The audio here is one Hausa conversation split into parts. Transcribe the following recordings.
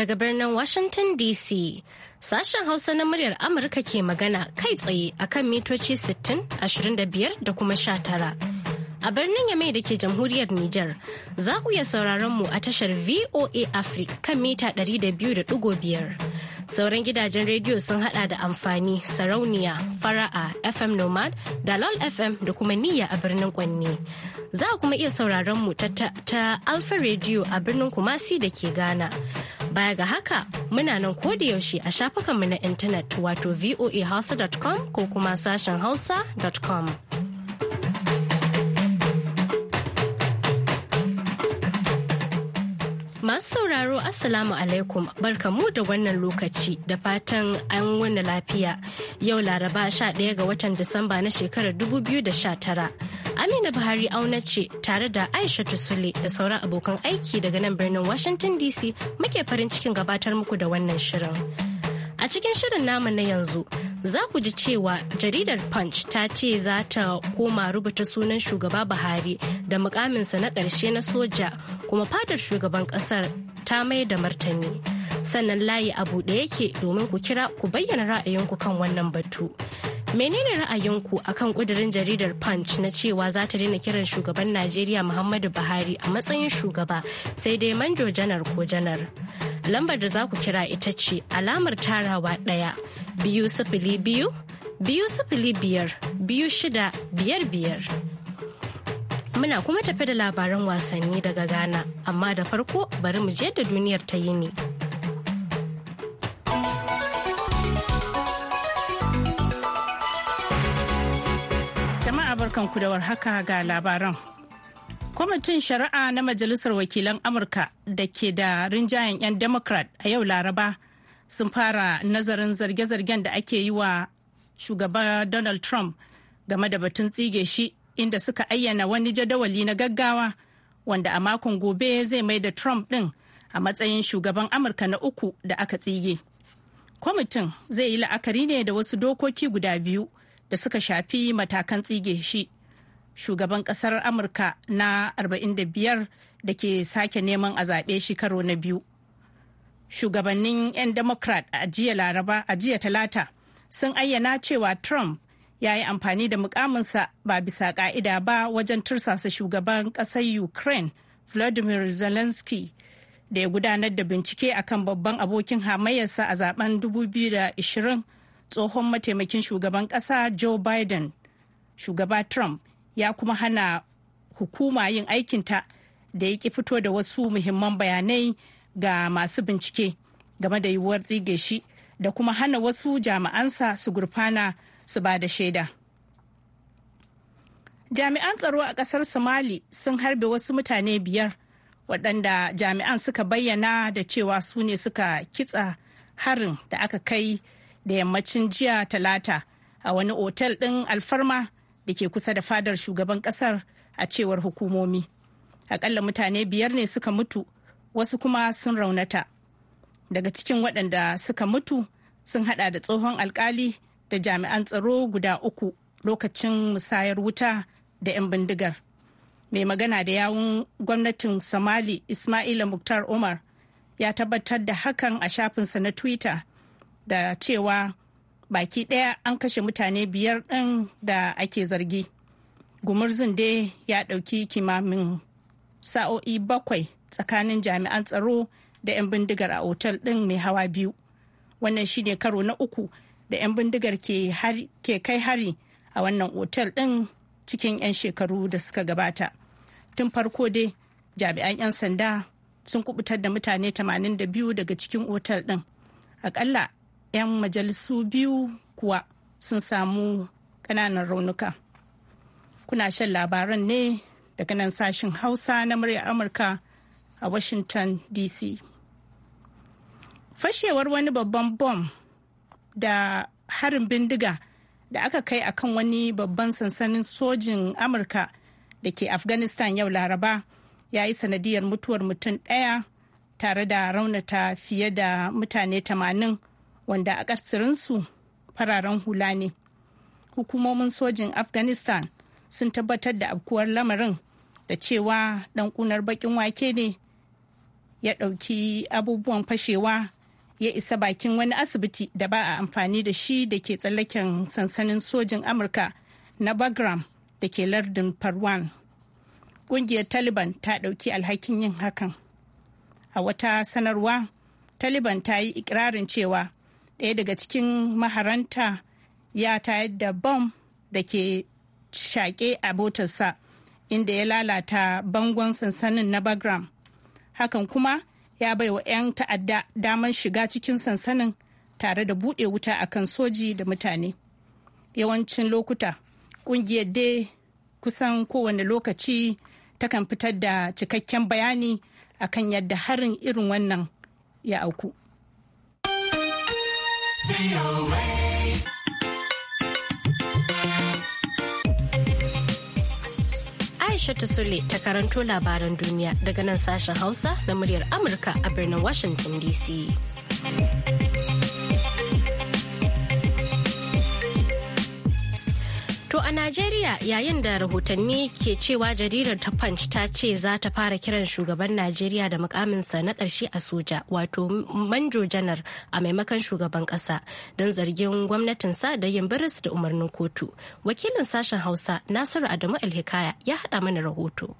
daga birnin Washington DC. Sashen Hausa na muryar Amurka ke magana kai tsaye akan mitoci 60, 25 da kuma 19. a birnin Yamai da ke jamhuriyar Nijar. Za ku iya sauraron mu a tashar VOA Africa kan mita 200.5. Sauran gidajen rediyo sun hada da amfani sarauniya, fara'a, FM Nomad, Dalol FM da kuma niyya a birnin Kwanne. Za a kuma iya sauraron mu ta, ta, Alfa Radio a birnin Kumasi da ke Ghana. Baya ga haka, muna nan yaushe a shafukanmu na intanet wato voahausa.com ko kuma sashen hausa.com. Masu sauraro Assalamu alaikum barkamu da wannan lokaci da fatan an wani lafiya yau laraba 11 ga watan Disamba na shekarar 2019. Amina Buhari auna ce tare da Aisha Tusule da sauran abokan aiki daga nan birnin Washington DC muke farin cikin gabatar muku da wannan shirin. A cikin shirin namu na yanzu za ku ji cewa jaridar punch ta ce za ta koma rubuta sunan shugaba buhari da mukaminsa na ƙarshe na soja kuma fatar shugaban ƙasar ta mai da martani sannan layi abu buɗe yake domin ku kira ku bayyana ra'ayinku kan wannan batu menene ra'ayinku akan kudirin jaridar punch na cewa za ta daina kiran shugaban najeriya muhammadu buhari a matsayin shugaba sai dai manjo janar ko janar lambar da za ku kira ita ce alamar tarawa ɗaya biyu sifili biyu biyu sifili biyar biyu shida biyar biyar. Muna kuma tafe da labaran wasanni daga Ghana, amma da farko bari mu je da duniyar ta yini. Jama'a barkanku da haka ga labaran. kwamitin shari'a na majalisar wakilan amurka da ke da rinjayen 'yan democrat a yau laraba sun fara nazarin zarge-zargen da ake yi wa shugaba donald trump game da batun tsige shi inda suka ayyana wani jadawali na gaggawa wanda a makon gobe zai mai da trump ɗin a matsayin shugaban amurka na uku da aka tsige kwamitin zai yi la'akari ne da wasu dokoki guda biyu da suka shafi matakan tsige shi shugaban kasar amurka na 45 da ke sake neman a zaɓe shi karo na biyu shugabannin 'yan democrat a jiya laraba a jiya talata sun ayyana cewa trump ya yi amfani da mukaminsa ba bisa ka'ida ba wajen tursasa shugaban kasar ukraine vladimir zelensky da ya gudanar da bincike akan babban abokin hamayyarsa a zaben 2020 tsohon mataimakin shugaban kasa joe biden shugaba trump ya kuma hana hukuma yin aikinta da ya ki fito da wasu muhimman bayanai ga masu bincike game da yiwuwar tsige shi da kuma hana wasu jami'ansa su gurfana su ba da shaida. Jami'an tsaro a ƙasar Somali sun harbe wasu mutane biyar waɗanda jami'an suka bayyana da cewa su ne suka kitsa harin da aka kai da yammacin jiya talata a wani otel ɗin alfarma da ke kusa da fadar shugaban ƙasar a cewar hukumomi. akalla mutane biyar ne suka mutu wasu kuma sun raunata daga cikin waɗanda suka mutu sun hada da tsohon alkali da jami'an tsaro guda uku lokacin musayar wuta da 'yan bindigar mai magana da yawun gwamnatin somali ismaila muktar umar ya tabbatar da hakan a shafinsa na twitter da cewa baki ɗaya an kashe mutane biyar ɗin da ake zargi gumurzun dai ya ɗauki kimamin sa'o'i bakwai tsakanin jami'an tsaro da 'yan bindigar a otal ɗin mai hawa biyu wannan shine karo na uku da 'yan bindigar ke kai hari a wannan otal ɗin cikin 'yan shekaru da suka gabata tun farko dai jami'an 'yan sanda sun kubutar da mutane 82 daga cikin otal ɗin akalla 'yan majalisu biyu kuwa sun samu ƙananan raunuka kuna shan labaran ne daga nan sashin hausa na murya amurka a Washington DC. Fashewar wani babban bom da harin bindiga da aka kai a kan wani babban sansanin sojin Amurka da ke Afghanistan yau Laraba ya yi sanadiyar mutuwar mutum ɗaya tare da raunata fiye da mutane 80 wanda a fararen hula ne. Hukumomin sojin Afghanistan sun tabbatar da abkuwar lamarin da cewa ɗan ƙunar baƙin wake ne ya ɗauki abubuwan fashewa ya isa bakin wani asibiti da ba a amfani da shi da ke tsallaken sansanin sojin amurka na bagram da ke lardin parwan ƙungiyar taliban ta ɗauki alhakin yin hakan a wata sanarwa taliban ta yi ikirarin cewa ɗaya daga cikin maharanta ya tayar da bom da ke shaƙe a botarsa inda ya lalata bangon sansanin na bagram hakan kuma ya bai wa 'yan ta'adda damar shiga cikin sansanin tare da bude wuta akan soji da mutane yawancin lokuta ƙungiyar dai kusan kowane lokaci takan fitar da cikakken bayani akan yadda harin irin wannan ya auku. Aisha Sule ta karanto labaran duniya daga nan sashen Hausa na muryar Amurka a birnin Washington DC. a Najeriya yayin da rahotanni ke cewa jaridar ta Punch ta ce za ta fara kiran shugaban Najeriya da mukaminsa na ƙarshe a soja wato manjo janar a maimakon shugaban ƙasa don zargin gwamnatin sa da yin biris da umarnin kotu. Wakilin sashen Hausa Nasiru Adamu Alhikaya ya haɗa mana rahoto.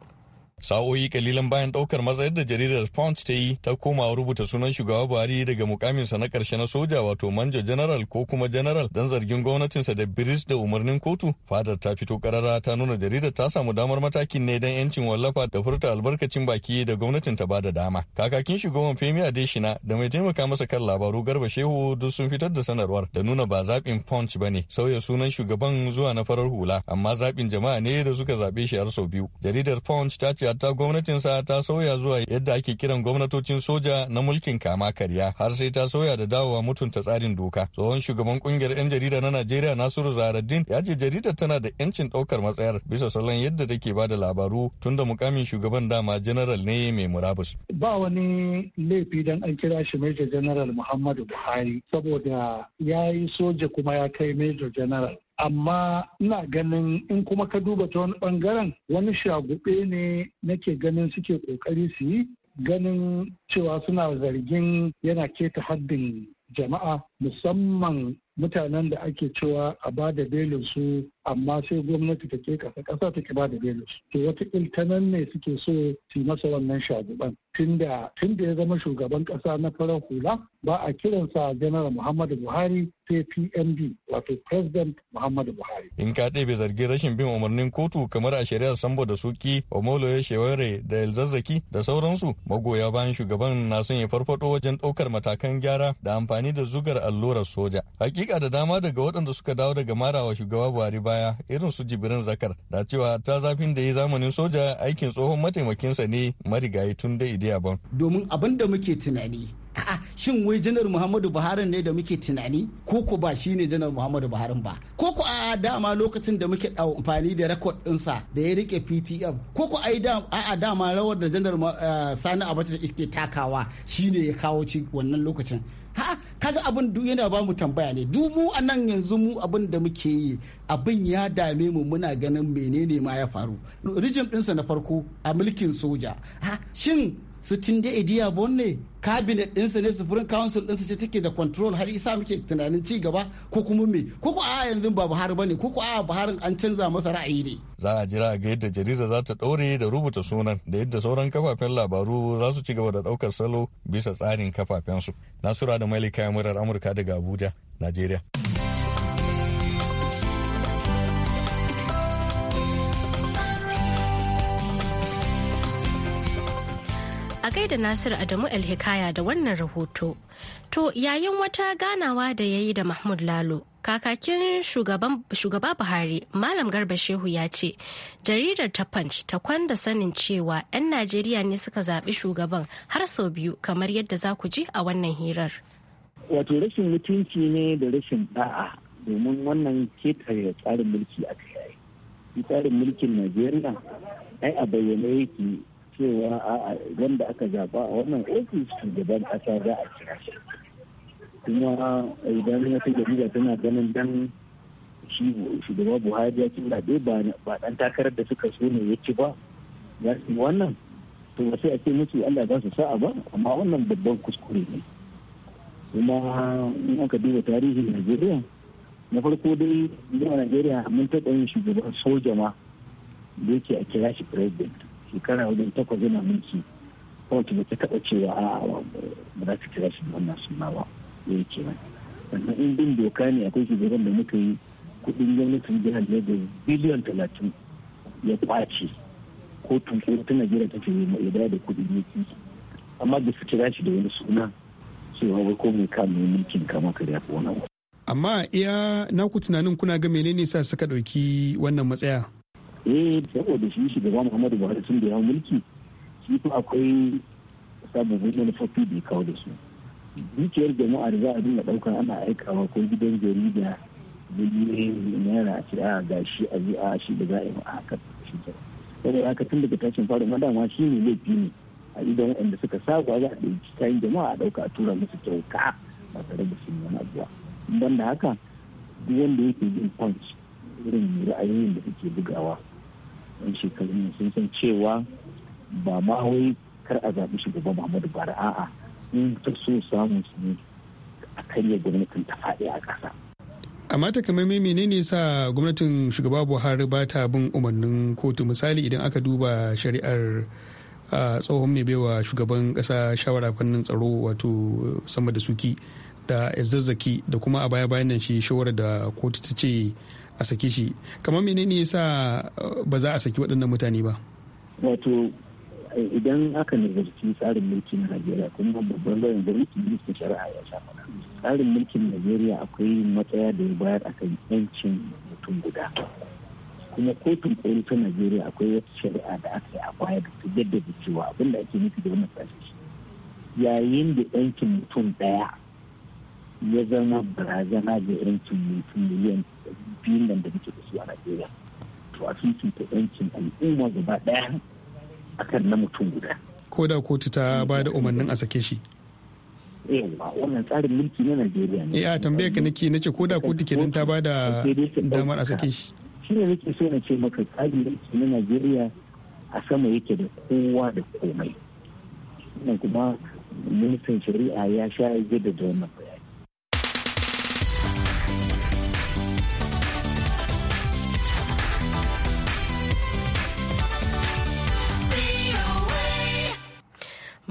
sa'o'i kalilan bayan daukar matsayar da jaridar pound ta yi ta koma rubuta sunan shugaba buhari daga mukamin sa na karshe na soja wato manja general ko kuma general dan zargin gwamnatinsa da biris da umarnin kotu fadar ta fito karara ta nuna jaridar ta samu damar matakin ne dan yancin wallafa da furta albarkacin baki da gwamnatin ta bada dama kakakin shugaban femi adeshina da mai taimaka masa kan labaru garba shehu duk sun fitar da sanarwar da nuna ba zaɓin punch ba ne sauya sunan shugaban zuwa na farar hula amma zaɓin jama'a ne da suka zaɓe shi har sau biyu jaridar punch ta ce gwamnatin gwamnatinsa ta sauya zuwa yadda ake kiran gwamnatocin soja na mulkin kama karya har sai ta sauya da dawowa mutunta tsarin doka. Tsohon shugaban kungiyar 'yan jarida na Najeriya Nasiru Zaharaddin ya ce jaridar tana da 'yancin ɗaukar matsayar bisa salon yadda take ba da labaru tun da mukamin shugaban dama general ne mai murabus. Ba wani laifi dan an kira shi Major General Muhammadu Buhari saboda ya yi soja kuma ya kai Major General. amma ina ganin in kuma ka duba ta wani bangaren wani shagube ne nake ganin suke kokari su yi ganin cewa suna zargin yana keta haddin jama'a musamman mutanen da ake cewa a ba da belin su amma sai gwamnati ta ke kasa kasa ta ki ba da belinsu to wata iltanan ne suke so su masa wannan shaguban tun da ya zama shugaban kasa na farar hula ba a kiransa general muhammadu buhari sai pmd wato president muhammadu buhari in ka ɗebe zargin rashin bin umarnin kotu kamar a shari'ar sambo da suki ya shewere da elzazzaki da sauransu magoya bayan shugaban na son ya farfado wajen ɗaukar matakan gyara da amfani da zugar a allurar soja hakika da dama daga waɗanda suka dawo daga marawa shugaba buhari baya irin su jibirin zakar na cewa ta zafin da ya zamanin soja aikin tsohon mataimakinsa ne marigayi tun da idiya ban domin abin da muke tunani a'a shin wai janar muhammadu buhari ne da muke tunani ko ko ba shine janar muhammadu buhari ba ko ko a dama lokacin da muke amfani da rekod sa da ya rike ptf ko ko a'a dama rawar da janar eh, sani abacha iske takawa shi ne ya kawo ci wannan lokacin ha kaga abin duk yana ba mu tambaya ne duk mu a nan yanzu mu abin da muke yi abin ya dame mu muna ganin menene ma ya faru rijim ɗinsa na farko a mulkin soja shin su tun da idiya bonne cabinet ɗinsa ne supreme council ɗinsa ce take da control har isa muke tunanin ci gaba ko kuma me ko ko a yanzu ba buhari bane ko ko a buharin an canza masa ra'ayi ne za a jira ga yadda jarida za ta ɗaure da rubuta sunan da yadda sauran kafafen labaru za su ci gaba da ɗaukar salo bisa tsarin kafafensu nasura da malika murar amurka daga abuja nigeria. da nasir Adamu Alhikaya da wannan rahoto. To yayin wata ganawa da ya yi da Mahmud Lalo, kakakin shugaba Buhari, Malam Garba Shehu ya ce, jaridar ta Punch ta kwanda sanin cewa 'yan Najeriya ne suka zaɓi shugaban har sau biyu kamar yadda za ku ji a wannan hirar. Wato rashin mutunci ne da rashin da'a domin wannan ketare tsarin mulki a kai. Tsarin mulkin Najeriya ai a bayyane yake cewa a idan da aka zaba a wannan ofis shugaban ƙasa za a kira shi kuma idan ta jarida tana ganin dan shi shugaba buhari ya ci zaɓe ba ɗan takarar da suka so ne ya ci ba ya ci wannan to ba sai a ce musu allah za su sa'a ba amma wannan babban kuskure ne kuma in aka duba tarihin najeriya na farko dai a najeriya mun taɓa yin shugaban soja ma da yake a kira shi president shekara wajen takwas yana mulki kowace ba ta taɓa cewa a ba za kira shi da wannan suna ba ya yi in bin doka ne akwai shugaban da muka yi kuɗin gwamnatin jihar da biliyan talatin ya kwace ko ko ta najeriya ta ce mai da da kuɗi ne amma da su kira shi da wani suna cewa wai ko mai kama mulkin kama kariya ko wani amma iya na ku tunanin kuna ga menene sa suka ɗauki wannan matsaya eh saboda shi shugaba muhammadu buhari sun da ya mulki shi ko akwai sababbin manufofi da ya kawo da su dukiyar jama'a da za a dinga ɗauka ana aikawa ko gidan jarida da gidan naira a ce a ga shi a zai a shi da za a yi a haka shi ke saboda haka tun daga tashin faru ma dama shi ne laifi ne a idan waɗanda suka saba za a ɗauki kayan jama'a a ɗauka a tura musu kyauta ba tare da sun wani abuwa ban da haka duk wanda yake yin punch irin ra'ayoyin da suke bugawa yan shekarun sun san cewa ba ma wai kar a zaɓi shugaban muhammadu buhari a'a in ta so samun su ne a karya gwamnatin ta faɗi a ƙasa. amma takamaimai menene sa gwamnatin shugaba buhari ba ta bin umarnin kotu misali idan aka duba shari'ar tsohon mai baiwa shugaban kasa shawara fannin tsaro wato sama da suki da zazzaki da kuma a baya bayan nan shi shawarar da kotu ta ce a saki shi kamar menene yasa uh, ba za a saki waɗannan mutane ba wato idan aka nazarci tsarin mulki mulkin najeriya kuma babban lauyan gwamnati ministan shari'a ya sha faɗa tsarin mulkin najeriya akwai matsaya da ya bayar a kan yancin mutum guda kuma kotun koli ta najeriya akwai wata shari'a da aka yi a baya da ta jaddada cewa abinda ake nufi da wannan tsarin yayin da yancin mutum ɗaya ya zama barazana ga yancin mutum miliyan biyun nan da muke da su a Najeriya to a fifita yancin al'umma gaba ɗaya kan na mutum guda ko da kotu ta ba da umarnin a sake shi Eh, wannan tsarin mulki na Najeriya ne eh a tambayar ka nake nace ko da kotu kenan ta ba da damar a sake shi ne nake so na ce maka tsarin mulki na Najeriya a sama yake da kowa da komai wannan kuma ministan shari'a ya sha da wannan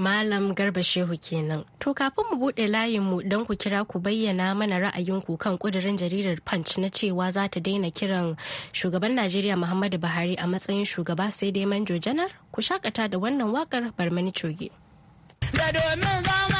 Malam Garba Shehu kenan. To kafin mu buɗe mu don ku kira ku bayyana mana ra'ayinku kan ƙudurin jaridar Punch na cewa za ta daina kiran shugaban Najeriya Muhammadu Buhari a matsayin shugaba sai dai manjo janar ku shakata da wannan wakar barmani coge. Da domin zama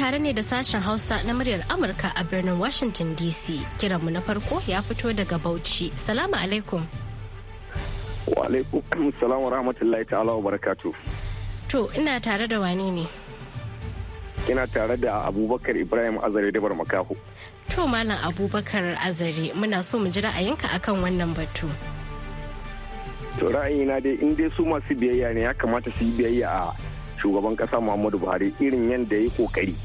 tare ne da sashen Hausa na muryar Amurka a birnin Washington DC. Kiranmu na farko ya fito daga Bauchi. Salamu alaikum. Wa alaikum salam wa rahmatullahi ta'ala wa barakatu. To, ina tare da wane ne? Kina tare da Abubakar Ibrahim Azare Dabar Makaho. To, Malam Abubakar Azare, muna so mu ji ra'ayinka akan wannan batu. To, ra'ayina dai in dai su masu biyayya ne ya kamata su yi biyayya a shugaban kasa Muhammadu Buhari irin yadda ya yi kokari.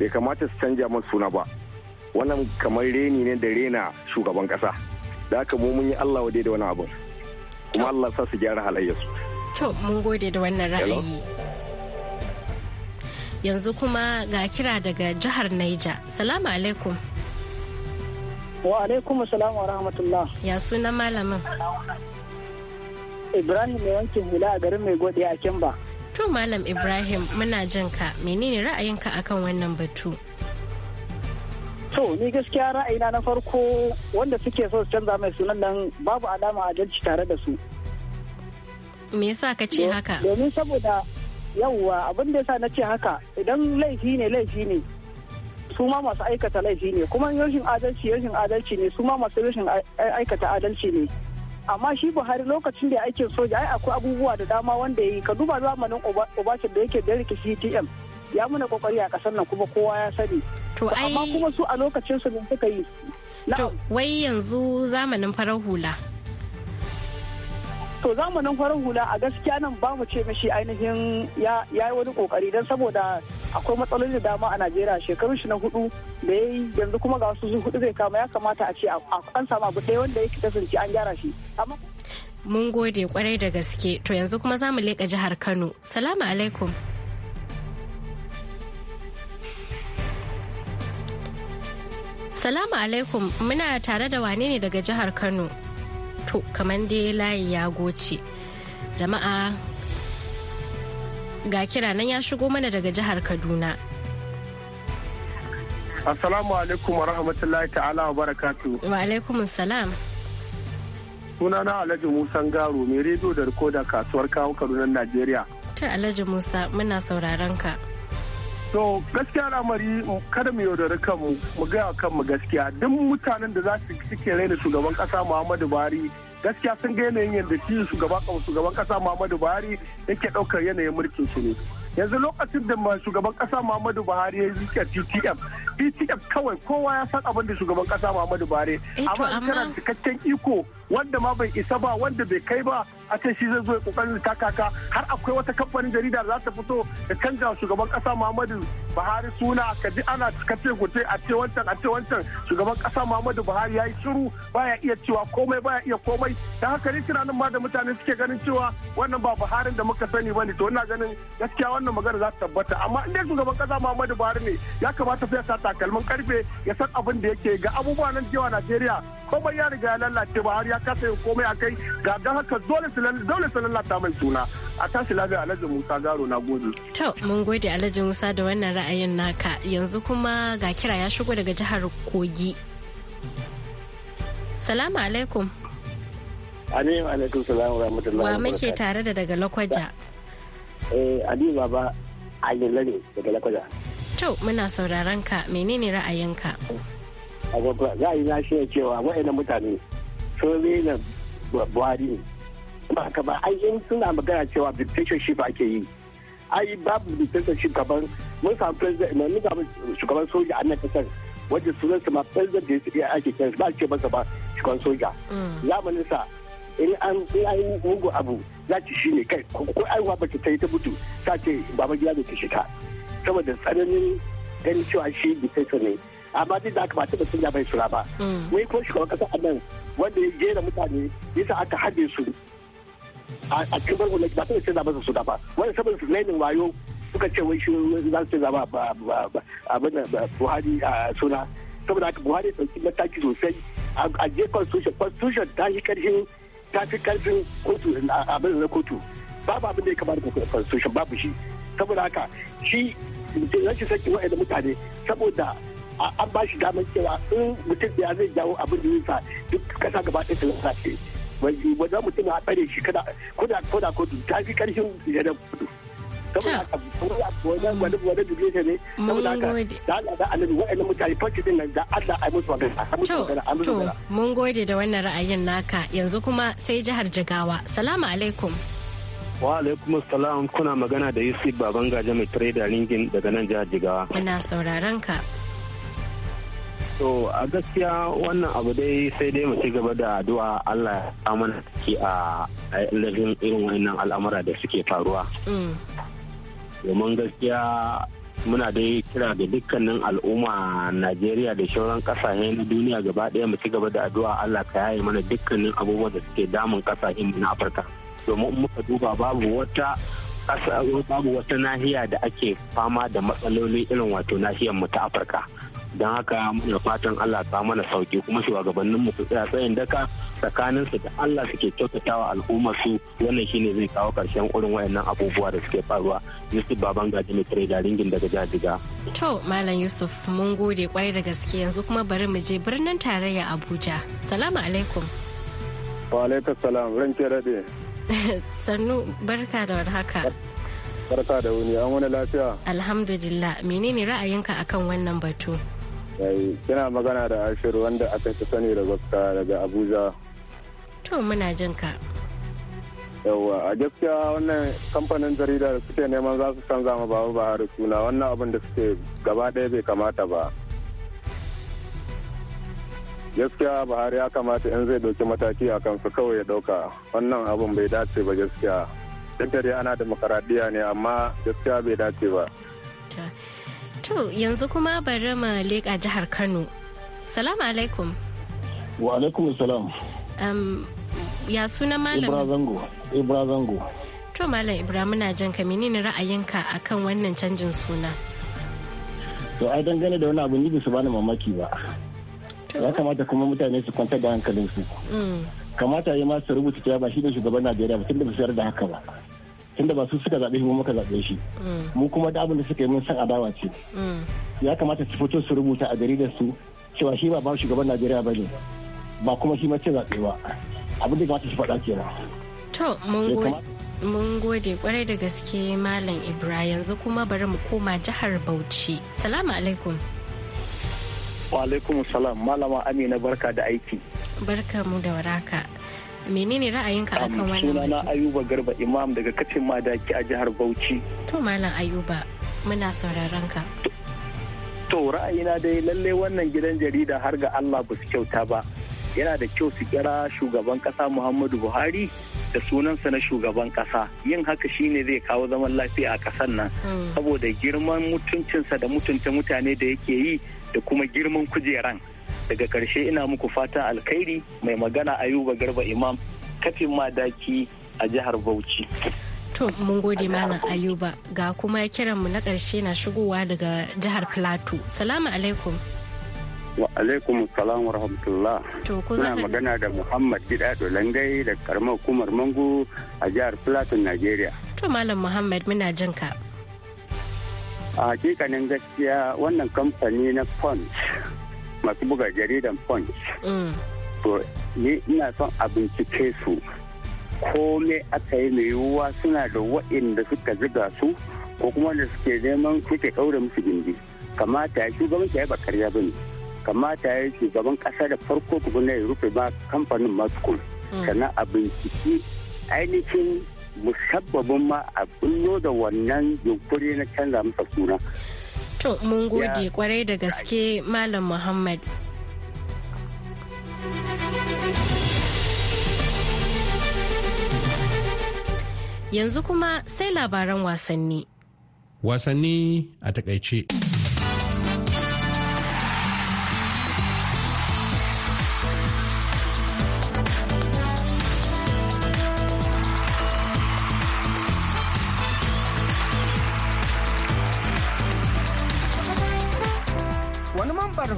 bai kamata su canja masu suna ba wannan kamar reni ne da rena shugaban kasa da haka mu mun yi Allah wade da wani abu kuma Allah sa su gyara halayyarsu to mun gode da wannan ra'ayi yanzu kuma ga kira daga jihar Niger salamu alaikum wa alaikum salamu wa rahmatullah ya suna malamin ibrahim mai wankin hula a garin mai gode a kimba To Malam Ibrahim muna jin ka menene ra'ayinka akan wannan batu? To ni gaskiya ra'ayina na farko wanda suke so su canza mai sunan nan babu alama adalci tare da su. Me yasa ka ce haka? Domin saboda yawwa abin da yasa na ce haka idan laifi ne laifi ne su ma masu aikata laifi ne kuma rashin adalci rashin adalci ne su ma masu rashin aikata adalci ne. amma shi buhari lokacin da aikin soja ai akwai abubuwa da dama wanda ya yi ka duba zamanin obasa da yake da rike ctm ya muna kokari a kasar nan kuma kowa ya sani amma kuma su a lokacin su ne suka yi to wai yanzu zamanin farar hula to zamanin farin hula a gaskiya nan ba mu ce mashi ainihin ya yi wani kokari don saboda akwai matsaloli da dama a najeriya shekarun shi na hudu da ya yi yanzu kuma ga wasu hudu zai kama ya kamata a ce an samu abu ɗaya wanda ya kasance an gyara shi amma mun gode kwarai da gaske to yanzu kuma za mu leƙa jihar kano salamu alaikum salamu alaikum muna tare da wane ne daga jihar kano to kamar dai layi ya goce jama'a ga kira nan ya shigo mana daga jihar kaduna assalamu alaikum wa rahmatullahi ta'ala wa barakatu wa alaikum salam sunana alhaji musan garo mai rediyo da rikoda kasuwar kawo kaduna najeriya ta alhaji musa muna sauraron ka so gaskiya al'amari kada mu yaudari kanmu mu gaya kanmu gaskiya duk mutanen da za su suke raina shugaban kasa muhammadu buhari gaskiya sun ga yanayin yadda shi shugaban shugaban kasa muhammadu buhari yake ɗaukar yanayin mulkin su ne yanzu lokacin da shugaban kasa muhammadu buhari ya yi a ptf ptf kawai kowa ya san abin da shugaban kasa muhammadu buhari eh, amma kana cikakken iko wanda ma bai isa ba wanda bai kai ba a ce shi zai zo ya kokarin takaka har akwai wata kamfanin jarida za ta fito da canza shugaban kasa muhammadu buhari suna ka ji ana cikace gote a ce wancan a ce wancan shugaban kasa muhammadu buhari ya yi shiru baya iya cewa komai baya iya komai da haka ni tunanin ma da mutane suke ganin cewa wannan ba buharin da muka sani ba ne to ina ganin gaskiya wannan magana za ta tabbata amma in dai shugaban kasa Muhammadu Buhari ne ya kamata sai ya sa takalmin karfe ya san abin da yake ga abubuwa nan cewa Najeriya komai ya riga ya lalace har ya kasa yin komai a kai ga dan haka dole su dole su lalata mai suna a tashi lafiya Alhaji Musa Garo na gode. To mun gode Alhaji Musa da wannan ra'ayin naka yanzu kuma ga kira ya shigo daga jihar Kogi. Salamu alaikum. Alaikum alaikum salam wa rahmatullahi wa muke tare da daga Lokwaja. Eh, Aliyu Baba a Yalare daga Lakwaja. To muna sauraron ka menene ra'ayinka? yi na shi cewa waɗannan mutane sun rena Buhari ne. Ba ka ba ai in suna magana cewa dictatorship ake yi. Ai babu dictatorship kaban mun samu president mun samu shugaban soja a nan kasar wanda sunan su ma president da ake kiransa ba ce masa ba shugaban soja. Mm. Zamanin sa in an yi mugu abu za ki shi ne kai ko aiwa ba ta yi ta mutu ta ce baba gida ne ta shiga saboda tsananin ganin cewa shi dictator ne amma din da aka ba ta ba sun ya bai sura ba wai ko shi shugaban ƙasa a nan wanda ya gera mutane yasa aka haɗe su a cikin barko ba taɓa sanya su da ba wani saboda su lainin wayo suka ce wai shi za su sanya ba abin da buhari a suna saboda aka buhari ɗauki mataki sosai a je constitution constitution ta yi ƙarshen ta fi karfin kotu abin na kotu babu abin da ya kamata da constitution babu shi saboda haka shi rashin sakin wa'anda mutane saboda an ba shi damar cewa in mutum da zai jawo abin da yinsa duk kasa gaba ɗaya talata ce wajen mutum a tsare shi kada koda kotu ta fi karfin yadda kudu. mun gode da wannan ra'ayin naka yanzu kuma sai jihar Jigawa salamu alaikum wa alaikum salam kuna magana da Yusuf Baban Gaja mai trader ringin daga nan jihar Jigawa ina sauraron ka to a gaskiya wannan abu dai sai dai mu ci gaba da addu'a Allah ya mana ki a irin wannan al'amura da suke faruwa mm. domin gaskiya muna dai kira da dukkanin al'umma najeriya da shauran kasashen na duniya gaba daya mu ci gaba da addu'a allah ka yaye mana dukkanin abubuwan da suke damun kasashen na afirka domin muka duba babu wata babu wata nahiya da ake fama da matsaloli irin wato nahiyar mu ta afirka don haka muna fatan allah ka mana sauki kuma shugabanninmu su tsaya tsayin daka tsakaninsu da Allah suke kyautata wa al'ummar su wannan shine zai kawo karshen irin wayannan abubuwa da suke faruwa Yusuf Baban Gaji mai tare da ringin daga Jajiga. To Malam Yusuf mun gode kwarai da gaske yanzu kuma bari mu je birnin tarayya Abuja. Salamu alaikum. Wa alaikum salam ran ke Sannu barka da warhaka. Barka da wuni an wani lafiya. Alhamdulillah menene ra'ayinka akan wannan batu? Kina magana da ashir wanda aka fi sani daga Abuja. to muna jin ka yawwa a gaskiya wannan kamfanin jarida da suke neman za su canza ma babu bahari suna wannan abin da suke gaba ɗaya bai kamata ba gaskiya bahari ya kamata in zai ɗauki mataki a kansu kawai ya ɗauka wannan abin bai dace ba gaskiya duk da ana demokaradiyya ne amma gaskiya bai dace ba to yanzu kuma bari mu leƙa jihar kano salamu alaikum wa alaikum salam ya suna malam ibra zango ibra zango to malam ibra muna jan ka menene ra'ayinka akan wannan canjin suna to ai dangane da wani abu ni bisa bani mamaki ba ya kamata kuma mutane su kwanta da su mm. kamata ya ma su rubuta cewa ba shi ne shugaban najeriya ba tunda ba su yarda haka ba tunda ba su suka zaɓe shi muka zaɓe shi mm. mu kuma da abin da suka yi mun san adawa ce mm. ya kamata su fito su rubuta a jaridar su cewa shi ba ba shugaban najeriya ba ne ba kuma shi mace zaɓe ba abin da kamata shi faɗa kenan. to mun gode kwarai da gaske malam ibrahim yanzu kuma bari mu koma jihar bauchi salamu alaikum wa alaikum salam malama amina barka da aiki barka mu da waraka menene ra'ayinka akan wannan sunana ayuba garba imam daga kacin madaki a jihar bauchi to malam ayuba muna sauraron ka to ra'ayina dai lallai wannan gidan jarida har ga allah ba su kyauta ba yana da kyau su kira shugaban kasa muhammadu buhari da sunansa na shugaban kasa yin haka shine zai kawo zaman lafiya a kasan nan hmm. saboda girman mutuncinsa da mutunta mutane da yake yi da kuma girman kujeran daga karshe ina muku fatan alkhairi mai magana ayuba garba imam kafin madaki a jihar bauchi To mun gode malam Ayuba ga kuma kiranmu na karshe na shigowa daga jihar Plateau. Salamu alaikum. wa alaikum salam wa rahmatullah suna magana da muhammad gida dolangai da karamar hukumar mangu a jihar plateau nigeria to malam muhammad muna jin ka a hakikanin gaskiya wannan kamfani na punch masu buga jaridan punch mm. to ni ina son a bincike su kome aka yi mai yiwuwa suna da waɗanda suka ziga su ko kuma da suke neman suke ɗaure musu gindi kamata shugabanci ya ba karya ba ne kamata ya yi shugaban kasa da farko tukuna ya rufe ba kamfanin maskul mm. sannan a binciki ainihin musabbabin ma a bullo da wannan yunkuri na canza masa suna. To mun gode kwarai da gaske Malam Muhammad. Yanzu kuma sai labaran wasanni. Wasanni a takaice.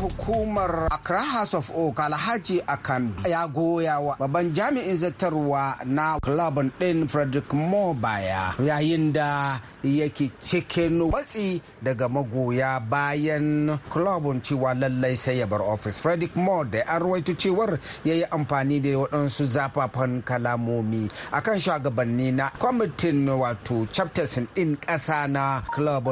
hukumar Accra House of Oak Alhaji Akambi ya goya wa babban jami'in zartarwa na club ɗin Frederick Mobaya yayin da yake cikin watsi daga magoya bayan club cewa lallai sai ya bar ofis, Frederick Moore da an ruwaito cewar ya yi amfani da waɗansu zafafan kalamomi akan shugabanni na kwamitin wato chapters ɗin ƙasa na club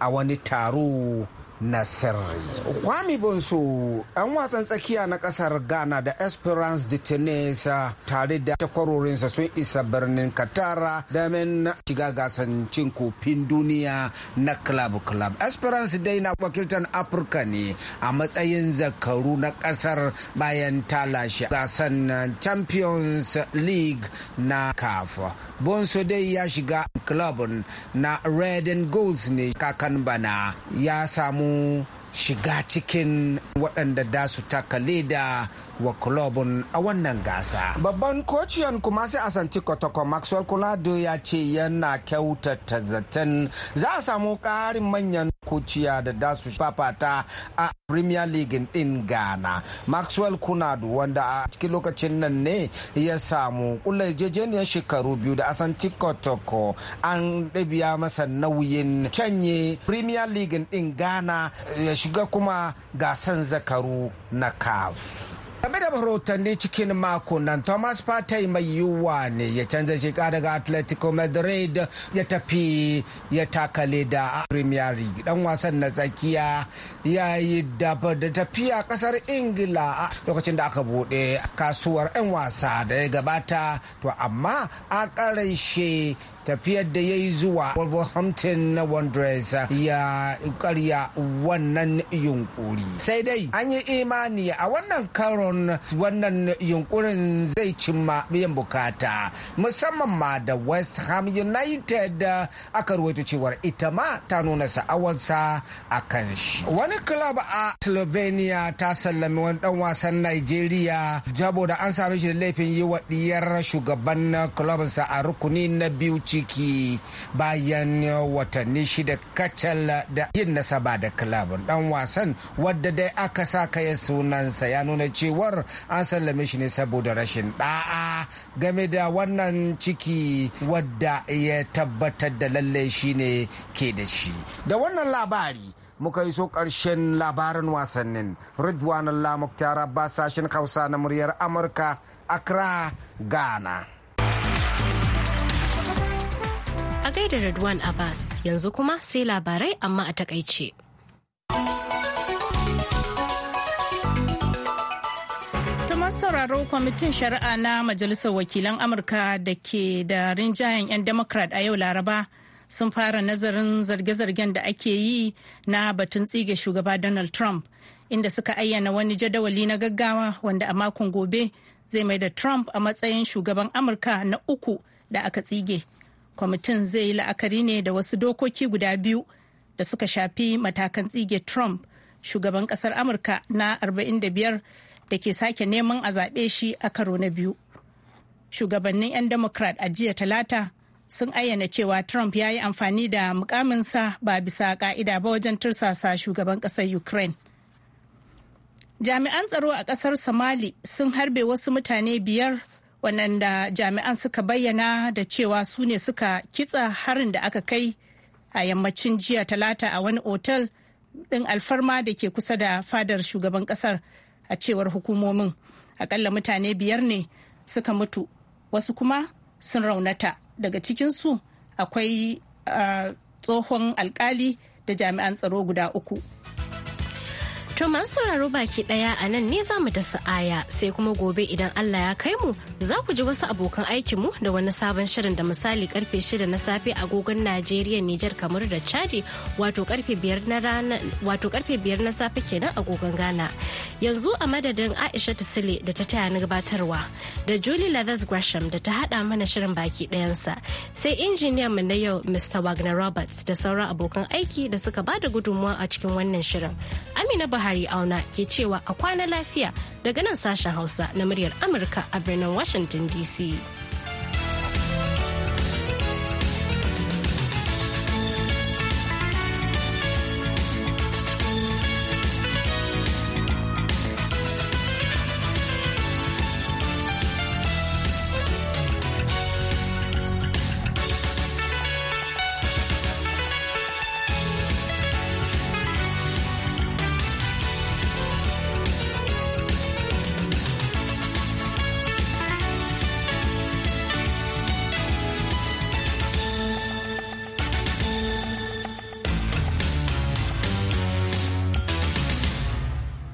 a wani taro na sirri. Kwami Bonso, 'yan wasan tsakiya na ƙasar Ghana da Esperance de Tenesa ah, tare da takwarorinsa sun isa birnin Katara ah, domin shiga gasan cin kofin duniya na Club Club. Esperance dai na wakiltar Afirka ne a matsayin zakaru na ƙasar bayan talashe gasan Champions League na kafa. bonso dai ya shiga club na red and gold ne kakan bana ya samu shiga cikin waɗanda da su taka leda wa kulobin a wannan gasa. Babban kociyan kuma sai a santi kotoko Maxwell Kulado ya ce yana kyautata zaton za a samu ƙarin manyan kociya da dasu fafata a Premier League din Ghana. Maxwell Kulado wanda a cikin lokacin nan ne ya samu kula jejeniyar shekaru biyu da Asanti Kotoko an ɗabiya masa nauyin canye Premier League din Ghana ya shiga kuma gasan zakaru na CAF. game da rahotanni cikin makonnan, thomas partey mai yiwuwa ne ya canza shiga daga atletico madrid ya tafi ya takale da premier league dan wasan na tsakiya ya yi daba da tafiya kasar ingila lokacin da aka bude kasuwar 'yan wasa da ya gabata to amma a karshe tafiyar da ya yi zuwa wolverhampton na wanderers ya karya wannan yunkuri sai dai an yi imani a wannan karo karon wannan yunkurin zai cimma biyan bukata musamman ma da west ham united aka ruwaito cewar ita ma ta nuna sa'awarsa a kan shi wani club a slovenia ta sallami wani dan wasan nigeria saboda an same shi da laifin yi wa diyar shugaban clubinsa a rukuni na biyu ciki bayan watanni shida kacal da yin nasaba da club dan wasan wadda dai aka sa kayan sunansa ya nuna cewa rayuwar an sallame shi ne saboda rashin da'a game da wannan ciki wadda ya tabbatar da lalle shi ne ke da shi da wannan labari muka yi so ƙarshen labarin wasannin ridwan allah muktar sashen hausa na muryar amurka accra ghana a gaida ridwan abbas yanzu kuma sai labarai amma a takaice. sauraro kwamitin shari'a na majalisar wakilan amurka da ke da rinjayen 'yan democrat a yau laraba sun fara nazarin zarge-zargen da ake yi na batun tsige shugaba donald trump inda suka ayyana wani jadawali na gaggawa wanda a makon gobe zai mai da trump a matsayin shugaban amurka na uku da aka tsige kwamitin zai yi la'akari ne da wasu dokoki guda biyu da suka shafi matakan tsige trump shugaban kasar amurka na 45 da ke sake neman a zaɓe shi a karo na biyu. Shugabannin 'yan Democrat a jiya talata sun ayyana cewa Trump ya yi amfani da mukaminsa ba bisa ka'ida ba wajen tursasa shugaban ƙasar Ukraine. Jami'an tsaro a ƙasar Somali sun harbe wasu mutane biyar waɗanda jami'an suka bayyana da cewa su ne suka kitsa harin da aka kai a yammacin jiya talata a wani otal ɗin alfarma da ke kusa da fadar shugaban ƙasar a cewar hukumomin akalla mutane biyar ne suka mutu wasu kuma sun raunata daga cikinsu akwai ah, tsohon alkali da jami'an tsaro guda uku. To masu sauraro baki ɗaya a nan ne za mu ta sa'aya sai kuma gobe idan Allah ya kai mu za ku ji wasu abokan mu da wani sabon shirin da misali karfe 6 na safe agogon Najeriya Nijar kamar da Chadi wato karfe 5 na safe kenan agogon Ghana. Yanzu a madadin Aisha Tisile da ta taya na gabatarwa. da Julie Leathers Gresham da ta haɗa mana shirin baki ɗayansa sai injiniyan mu na yau Mr. Wagner Roberts da sauran abokan aiki da suka ba da gudunmuwa a cikin wannan shirin. Amina Buhari auna ke cewa a kwana lafiya daga nan sashen Hausa na muryar Amurka a birnin Washington DC.